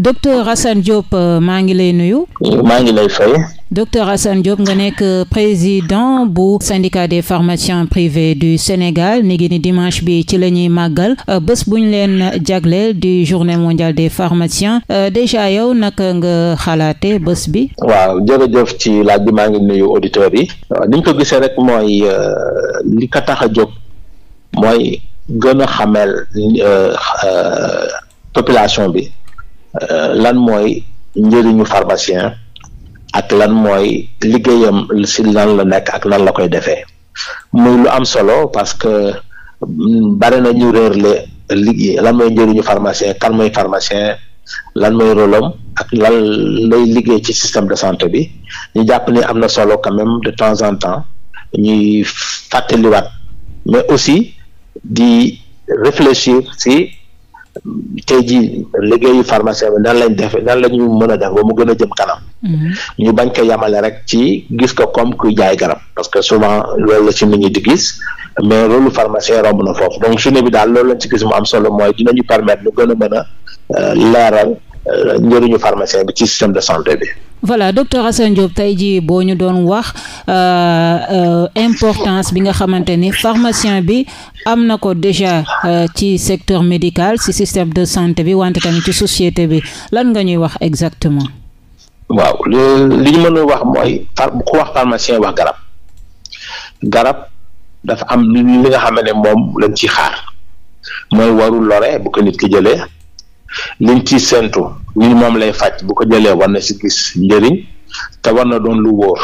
docteur Assane Diop euh, maa ngi lay nuyu. maa ngi lay fay. docteur Assane Diop nga nekk euh, président bu syndicat de pharmaciens privés du Sénégal ni ngi ni dimanche bi ci la ñuy màggal euh, bés bu ñu leen jagleel di journée mondiale des pharmaciens déjà yow naka nga xalaate bés bi. waaw jërëjëf ci laaj bi maa ngi nuyu auditeurs yi. ni ko gisee rek mooy li ko tax a jóg mooy gën a xamel population bi. Euh, lan mooy njëriñu pharmacien ak lan mooy liggéeyam si lan la nekk ak lan la koy defee muy lu am solo parce que mm, bare na ñu réerle liggéey lan mooy njëriñu pharmacien kan mooy pharmacien lan mooy rôlam ak lan lay liggéey ci système de santé bi ñu jàpp ni am na solo quand même de temps en temps ñuy fàttaliwaat mais aussi di réfléchir si tey jii liggéeyu pharmacien bi nan lañ def nan la ñu mën a def ba mu gën a jëm kanam. Mm-hmm. ñu bañ ko yamale rek ci gis ko comme kuy jaay garab parce que souvent loolu la ci nit ñi di gis mais loolu pharmacien romb na foofu donc journée bi daal loolu lañ ci gis mu am solo mooy dinañu permettre ñu gën a mën a euh, leeral euh, njëriñu pharmacien bi ci système de santé bi. voilà docteur Assane Diop tey jii boo ñu doon wax euh, euh, importance bi nga xamante ni pharmacien bi am na ko déjà euh, ci secteur médical ci système de santé bi wante tamit ci société bi lan nga ñuy wax exactement. waaw li ñu mën wax mooy ku wax pharmacien wax garab garab dafa am li nga xam ne moom lañ ci xaar mooy warul lore bu ko nit ki jëlee. liñ ci séntu ñu moom lay faj bu ko jëlee war na si gis njëriñ te war na doon lu wóor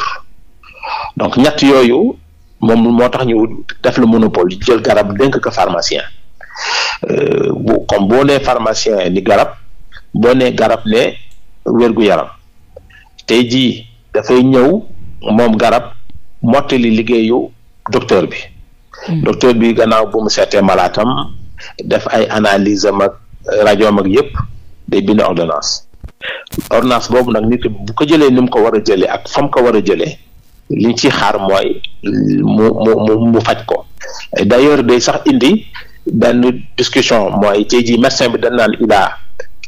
donc ñett yooyu moom moo tax ñu def le monopole jël garab dénk ko pharmacien euh, bu comme boo nee pharmacien ni garab boo ne garab ne wérgu yaram tey ji dafay ñëw moom garab mottali liggéeyu docteur bi hmm. docteur bi gannaaw bu mu seetee malaatam def ay analyse am ak rajo am ak yëpp day bind ordonnance ordonnance boobu nag nit bu ko jëlee ni mu ko war a jëlee ak fam ko war a jëlee li ci xaar mooy mu mu mu faj ko d'ailleurs day sax indi benn discussion mooy tey jii médecin bi dañ naan a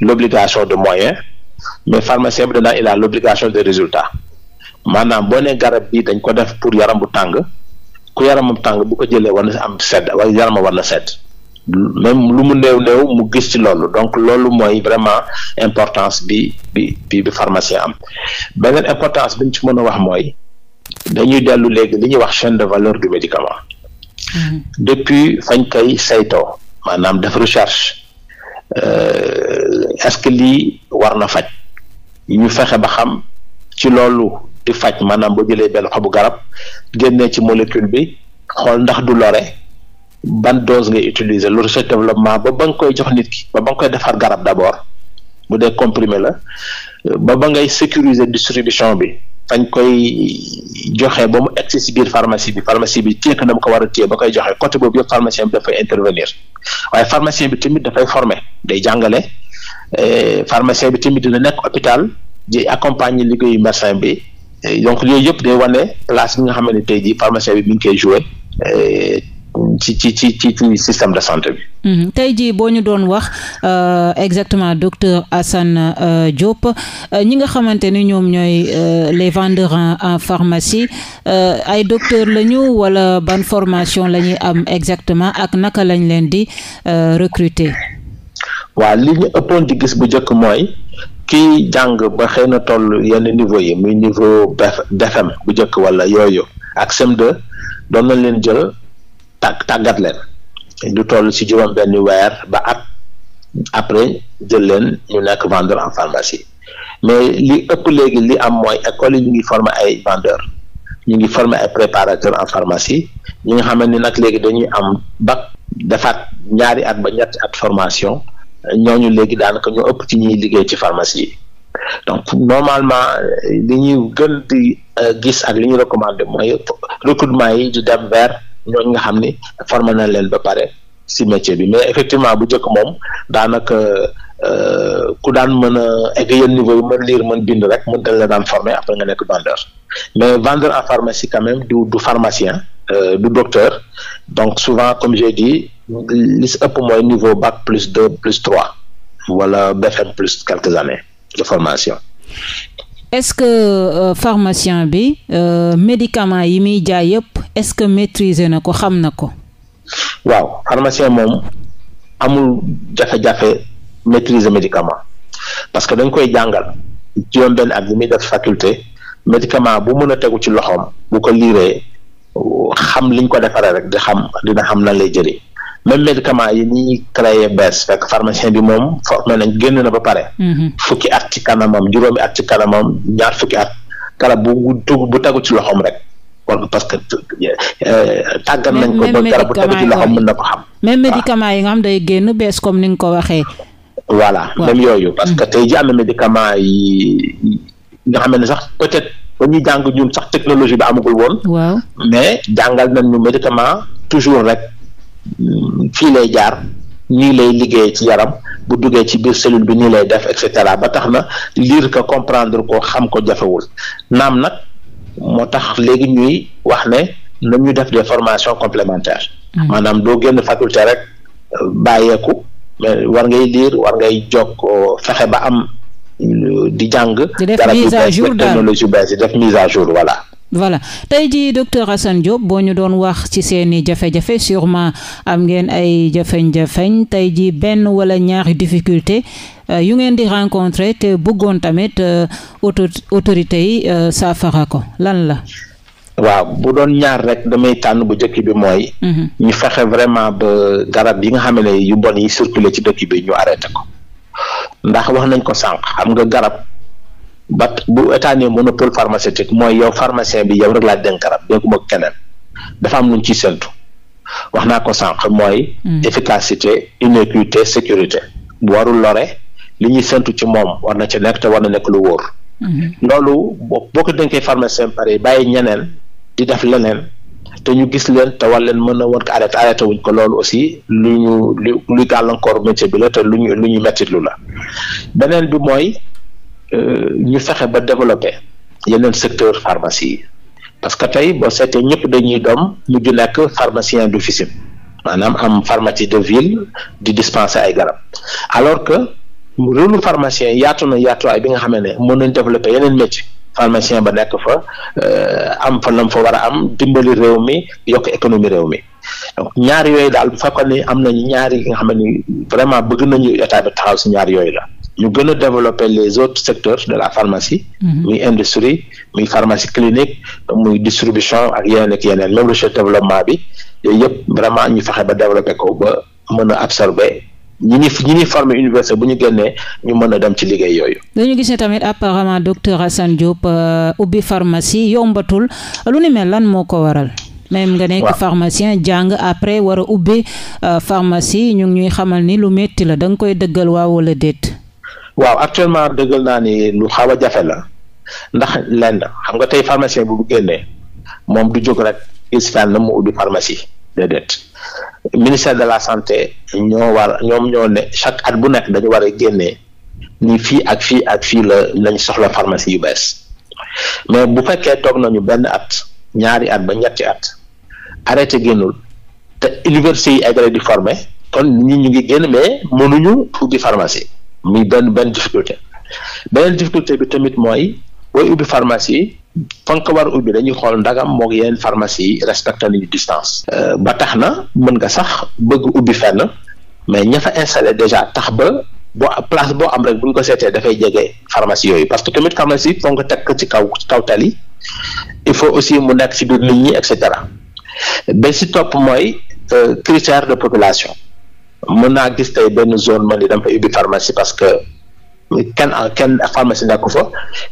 l'obligation de moyen mais pharmacien bi dañ naan il a l'obligation de résultat maanaam boo nee garab bi dañ ko def pour yaram bu tàng ku yaramam tàng bu ko jëlee war na am sedd wala yaramam war na sedd même lu mu néew néew mu gis ci loolu donc loolu mooy vraiment importance bi bi bi bi pharmacien am beneen importance bi ñu ci mën a wax mooy dañuy dellu léegi li ñuy wax chaîne de valeur du médicament mm-hmm. depuis fañ koy saytoo maanaam def recherche euh, est-ce que lii war na faj ñu fexe ba xam ci loolu di faj maanaam boo jëlee benn xobu garab génnee ci molécule bi xool ndax du lore ban dose ngay utiliser lu recherche développement ba ba nga koy jox nit ki ba ba nga koy defar garab d'abord bu dee comprimé la ba ba ngay sécuriser distribution bi fañ koy joxe ba mu egsi si biir pharmacie bi pharmacie bi téye ko na mu ko war a téye ba koy joxe côté boobu yëpp pharmacien bi dafay intervenir waaye pharmacien bi tamit dafay former day jàngale eh, pharmacien bi tamit dina nekk hôpital di accompagner liggéeyu médecin bi eh, donc yooyu yëpp day wane place bi nga xam ne tey jii pharmacien bi mi ngi koy jouer eh, ci ci ci ci ci système de santé bi. Mhm. tey jii boo ñu doon wax euh, exactement docteur Assane euh, Diop euh, ñi nga xamante ni ñoom ñooy les vendeurs en pharmacie ay docteur lañu wala ban formation lañuy am exactement ak naka lañ leen di recruter. waaw li ñu ëppoon di gis bu njëkk mooy kiy jàng ba xëy na toll yenn niveau yi muy niveau BFM bu njëkk wala yooyu ak CM2 doon na leen jël. tàgg tàggat leen du toll ci juróom benn weer ba at après jël leen ñu nekk vendeur en pharmacie mais li ëpp léegi li am mooy école yi ñu ngi former ay vendeur ñu ngi former ay préparateur en pharmacie ñi nga xamante ni nag léegi dañuy am bac defaat ñaari at ba ñetti at formation ñooñu léegi daanaka ñoo ëpp ci ñuy liggéey ci pharmacie yi donc normalement li ñuy gën di euh, gis ak li ñu recommandé mooy recrutement yi di dem vers ñooñ nga xam ni formé na leen ba pare si métier bi mais effectivement bu njëkk moom daanaka euh, ku daan mën a egg yenn niveau yi mën lire mën bind rek mën dañ la daan formé après nga nekk vendeur mais vendeur en pharmacie quand même du du pharmacien euh, du docteur donc souvent comme j'ai dit li ëpp mooy niveau bac plus deux plus trois wala BFM plus quelques années de formation est-ce que euh, pharmacien bi euh, médicament yi muy jaay yëpp est-ce que maitriser na ko xam na ko. waaw pharmacien moom amul jafe-jafe maîtriser médicament parce que dañ koy jàngal juróom benn at bi muy def faculté médicament bu mën a tegu ci loxoom bu ko liiree xam liñ ko defaree rek di xam dina xam nan lay jëriñ même médicament yi ñuy créé bees fekk pharmacien bi moom formé nañ génn na ba pare. Mhm. fukki at ci kanamam juróomi at ci kanamam ñaar fukki at garab bu bu tegu ci loxoom rek. parce que euh, tàggat nañ ko ba garab bu tegu ci loxoom mën na ko xam. même médicament yi nga xam day génn bees comme ni ko waxee. voilà même yooyu parce que mhm. tey jii am na médicament yi nga xam ne sax peut-être ba ñuy jàng ñun sax technologie bi amagul woon. waaw mais jàngal nañ ñu médicament toujours rek. fii lay jaar nii lay liggéey ci yaram bu duggee ci biir cellule bi nii lay def et ba tax na liir ko comprendre ko xam ko jafewul naam nag moo tax léegi ñuy wax ne na def des formation complémentaires. Ah maanaam doo génn faculté rek euh, bàyyeeku mais war ngay liir war ngay jokk euh, fexe ba am euh, di jàng. di def mise à jour daal technologie bees yi def mise à jour voilà. voilà tey jii docteur Assane Diop boo ñu doon wax ci seeni jafe-jafe sûrement am ngeen ay jafeñ-jafeñ tey jii benn wala ñaari difficulté euh, yu ngeen di rencontrer te bëggoon tamit euh, autorité yi euh, saafara ko lan la waaw bu doon ñaar rek damay tànn bu njëkk bi mooy mhm. ñu fexe vraiment ba garab yi nga xam ne yu bon yi circuler ci dëkk bi ñu arrêté ko ndax wax nañ ko sànq xam nga garab ba bu état ne monopole pharmaceutique mooy yow pharmacien bi yow rek laa dénk garab dénku ma keneen dafa am luñ ci ciy séntu wax naa ko sànq mooy. Hmm. efficacité inéquité sécurité. bu warul lore li ñuy séntu ci moom war na ci nekk te war na nekk lu wóor. Hmm. loolu boo ko dénkee pharmacien pare bàyyi ñeneen di def leneen te ñu gis leen te war leen mën na war ko arrêté arrêté wuñ ko loolu aussi lu ñu lu luy gàllankoor métier la lu ñu lu ñu métti la beneen bi mooy. ñu fexe ba développé yeneen secteur pharmacie parce que tey boo seetee ñëpp dañuy doom mujj nekk pharmacien d'officine maanaam am pharmacie de ville di dispenser ay garab alors que rôle pharmacien yaatu na yaatuwaay bi nga xamee ne mën nañ développer yeneen métier pharmacien ba nekk fa euh, am fa lam fa war a am dimbali réew mi yokk économie réew mi donc ñaar yooyu daal bu fekkoon ni am nañu ñaari yi nga xam ne vraiment bëgg nañu état bi taxaw si ñaar yooyu la ñu gën a développer les autres secteurs de la pharmacie. Mm-hmm. muy industrie muy pharmacie clinique muy distribution ak yeneen ak yeneen même recherche développement bi yooyu yëpp vraiment ñu fexe ba développer ko ba mën a absorber. ñi ni ñi ni formé bu ñu génnee ñu mën a dem ci liggéey yooyu. dañu gis ne tamit apparemment docteur Assane Diop euh, ubbi pharmacie yombatul lu ni mel lan moo ko waral. même nga nekk pharmacien jàng après war a ubbi euh, pharmacie ñu ngi ñuy xamal ni lu métti la da nga koy dëggal waaw wala déet. waaw actuellement dëggal naa ni lu xaw a jafe la ndax lenn xam nga tey pharmacien bu génnee moom du jóg rek istaan na mu ubbi pharmacie déedéet ministère de la santé ñoo war ñoom ñoo ne chaque at bu nekk dañu war a génnee ni fii ak fii ak fii la lañ soxla pharmacie yu bees mais bu fekkee toog nañu benn at ñaari at ba ñetti at arrêté génnul te université yi ay di forme kon nit ñu ngi génn mais mënuñu ubbi pharmacie muy benn benn difficulté beneen difficulté bi tamit mooy booy ubbi pharmacie fa nga ko war a ubbi dañuy xool ndagam moog yeneen pharmacie yi respecté nañu distance. Euh, ba tax na mën nga sax bëgg ubbi fenn mais ña fa installé déjà tax ba boo place boo am rek bu ñu ko seetee dafay jege pharmacie yooyu parce que tamit pharmacie foog nga teg ko ci kaw kaw tali il faut aussi mu nekk ci biir nit ñi et cetera ba si topp mooy euh, critère de population. mën naa gis tey benn zone man ni dama fay ubbi pharmacie parce que kenn kenn pharmacie nekk fa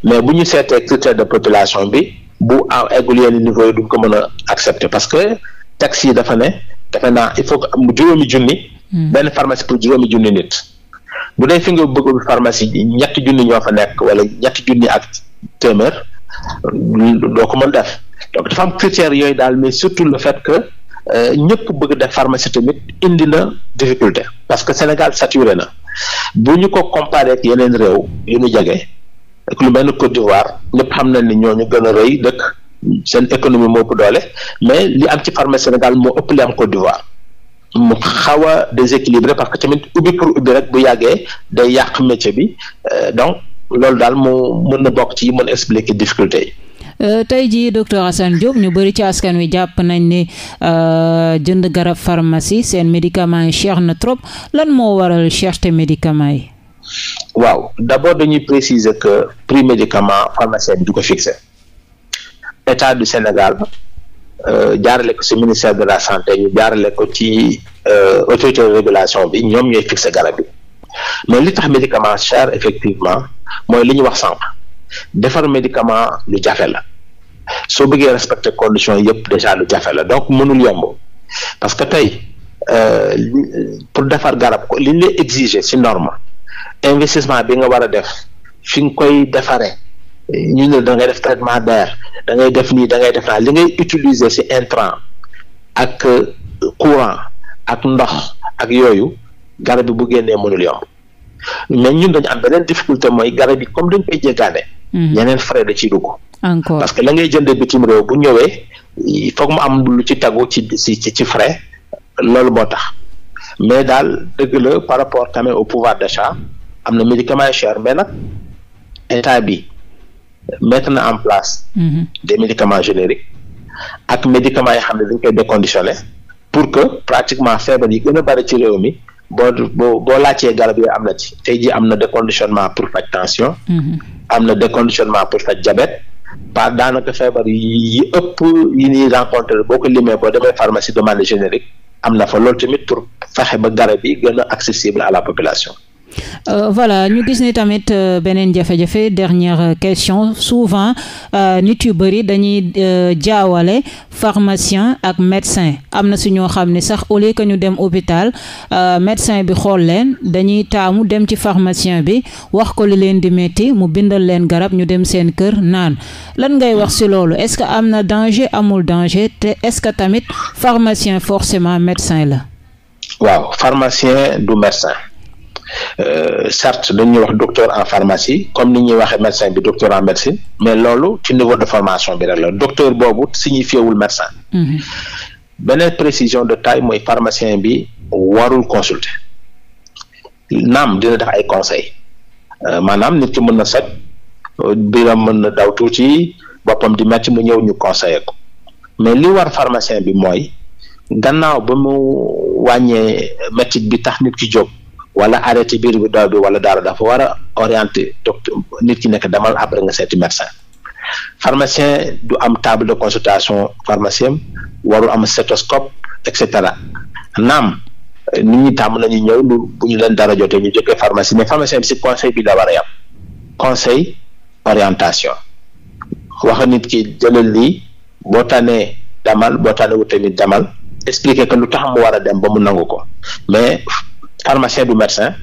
mais bu ñu seetee critère de population bi bu a eggul yenn niveau du duñ ko mën a accepter parce que taxe yi dafa ne dafa naa il faut que juróomi junni. Hmm. benn pharmacie pour juróomi junni nit. bu dee fi nga bëgg ubbi pharmacie ñetti junni ñoo fa nekk wala ñetti junni ak téeméer doo ko mën def donc dafa am critères yooyu daal mais surtout le fait que. Euh, ñëpp bëgg def pharmacie tamit indi na difficulté parce que Sénégal saturé na bu ñu ko comparé ak yeneen réew yu ñu jege ak lu mel ni Côte d'Ivoire ñëpp xam nañ ni ñoo ñu gën a rëy dëkk seen économie moo ëpp doole mais li am ci pharmacie Sénégal moo ëpp li am Côte d'Ivoire mu xaw a déséquilibré parce que tamit ubbi pour ubbi rek bu yàggee day yàq métier bi euh, donc. loolu daal moo mën na bokk ci mën expliquer difficulté yi. Euh, tey jii docteur Assane Diop ñu bëri ci askan wi jàpp nañ ne euh, jënd garab pharmacie seen médicament yi na trop lan moo waral cherté médicament yi. waaw d'abord dañuy préciser que prix médicament pharmacien du ko fixé état du Sénégal euh, jaarale ko ci ministère de la santé ñu jaarale ko ci autorité de régulation bi ñoom ñooy fixé garab bi. mais li tax médicament cher effectivement mooy li ñuy wax sànq defar médicament lu jafe la soo bëggee respecter conditions yëpp déjà lu jafe la donc mënul yomb parce que tey euh, pour defar garab li ñu lay exiger ci norme investissement bi nga war a def fi nga koy defaree ñu ne da ngay def traitement d'air da ngay def nii da ngay def naa li ngay utiliser ci intrant ak euh, courant ak ndox ak yooyu garab bi bu génnee mënul yomb mais ñun dañu am beneen difficulté mooy garab yi comme dañ koy jéggaane. ñeneen mm-hmm. frais da ciy dugg. encore parce que la ngay jëndee bitim réew bu ñëwee foog mu am lu ci tagu ci ci ci frais loolu moo tax mais daal dëgg la par rapport tamit au pouvoir d'achat am na médicament cher mais nag état bi mettre na en place. Mm-hmm. de médicaments génériques ak médicaments yi xam ne dañ koy déconditionné pour que pratiquement feebar yi gën a bari ci mi. boo boo boo laajtee garab yooyu am na ci tey jii am na déconditionnement pour faj tension. Mm-hmm. am na déconditionnement pour faj diabète. par daanaka feebar yi ëpp yi ñuy rencontré boo ko limee boo demee pharmacie demande générique am na fa loolu tamit pour fexe ba garab yi gën a accessible à la population. Euh, voilà ñu gis ni tamit euh, beneen jafe-jafe dernière question souvent euh, nit yu bëri dañuy euh, jaawale pharmacien ak médecin am na si ñoo xam ne sax au lieu que ñu dem hôpital médecin bi xool leen dañuy taamu dem ci pharmacien bi wax ko li leen di metti mu bindal leen garab ñu dem seen kër naan lan ngay wax si loolu est-ce que am na danger amul danger te est-ce que tamit pharmacien forcément médecin la waaw pharmacien du médecin Euh, certes dañuy wax docteur en pharmacie comme ni ñuy waxee médecin bi docteur en médecine mais loolu ci niveau de formation bi rek la docteur boobu signifiéwul médecin mhm. beneen précision de taille mooy pharmacien bi warul consulter naam dina def ay conseils euh, maanaam nit ki mën na saj biram mën na daw tuuti boppam di metti mu ñëw ñu conseiller ko mais li war pharmacien bi mooy gannaaw ba mu wàññee métit bi tax nit ki jóg wala arrêté biir bu daw bi wala daara dafa war a orienté docteur nit ki nekk demal après nga seeti médecin pharmacien du am table de consultation pharmacien warul am stéthoscope et cetera naam nit ñi tàmm nañu ñëw bu ñu leen dara jotee ñu jógee pharmacie mais pharmacien bi si conseil bi la yam conseil orientation wax nit ki jëlal lii boo tànnee demal boo tànnee wut tamit demal expliquer que lu tax mu war a dem ba mu nangu ko mais pharmacien du médecin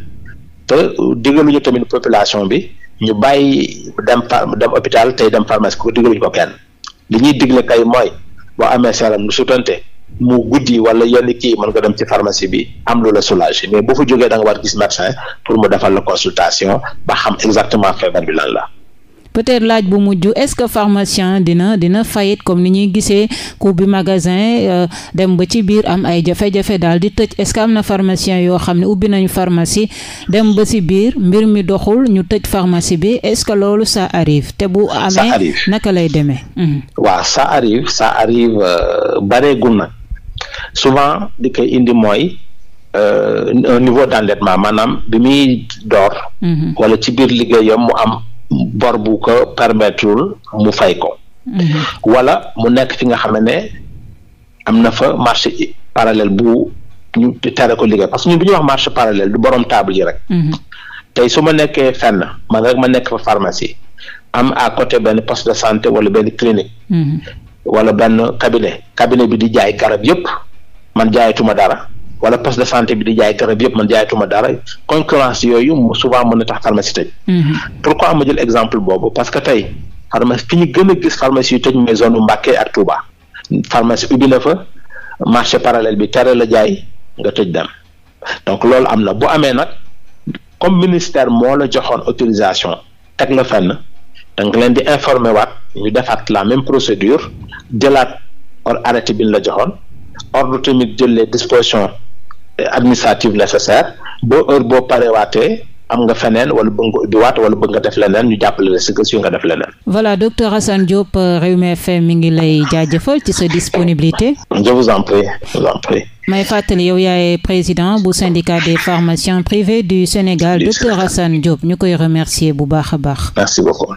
te digaluñu tamit population bi ñu bàyyi dem dem hôpital tey dem pharmacie ko digaluñu ko kenn li ñuy digle kay mooy boo amee seeram lu sutante mu guddi wala yenn kii mën nga dem ci pharmacie bi am lu la soulager mais boo fa jógee da nga war gis médecin pour mu defal la consultation ba xam exactement feebar bi lan la peut-être laaj bu mujj est-ce que pharmacien dina dina fayit comme ni ñuy gisee ku bi magasin euh, dem ba ci biir am ay jafe-jafe daal di tëj est-ce que am na pharmacien yoo xam ne ubbi nañu pharmacie dem ba si biir mbir mi doxul ñu tëj pharmacie bi est-ce que loolu sa arrive te bu amee naka lay demee mhm. waaw sa arrive ça arrive euh, bareegul nag souvent di koy indi mooy euh, un niveau d'endettement maanaam bi muy door mhm. wala ci biir liggéey liggéeyam mu am bor bu ko permettrewul mu fay ko mhm. wala mu nekk fi nga xam ne am na fa marché parallèle bu ñu tere ko liggéey parce que ñun bu ñuy wax marché parallèle du boroom table yi rek mhm. tey su ma nekkee fenn man rek ma nekk fa pharmacie am à côté benn poste de santé wala benn clinique mhm. wala benn cabinet cabinet bi di jaay garab yépp man jaayatuma dara wala poste de santé bi di jaay garab yëpp man jaayatuma dara concurrence yooyu souvent mën na tax pharmacie tëj. Mm-hmm. pourquoi ma jël exemple boobu parce que tey pharmacie fi ñu gën a gis pharmacie yu tëj mooy zone Mbacké ak Touba pharmacie ubbi na fa marché parallèle bi tere la jaay nga tëj dem donc loolu am na bu amee nag comme ministère moo la joxoon autorisation teg la fenn danga leen di informer waat ñu defaat la même procédure jëlaat or arrêté bi ñu la joxoon ordre tamit jël les dispositions administrative nécessaire boo heure boo parewaatee am nga feneen wala bëgg du ubbiwaat wala bëgg nga def leneen ñu jàppale la si si nga def leneen. voilà docteur Assane Diop euh, Rewmi FM mi ngi lay jaajëfal ci sa disponibilité. je vous en prie je vous en prie. may fàttali yow yaay président bu syndicat des pharmaciens privés du Sénégal docteur Assane Diop ñu koy remercier bu baax a baax. merci beaucoup.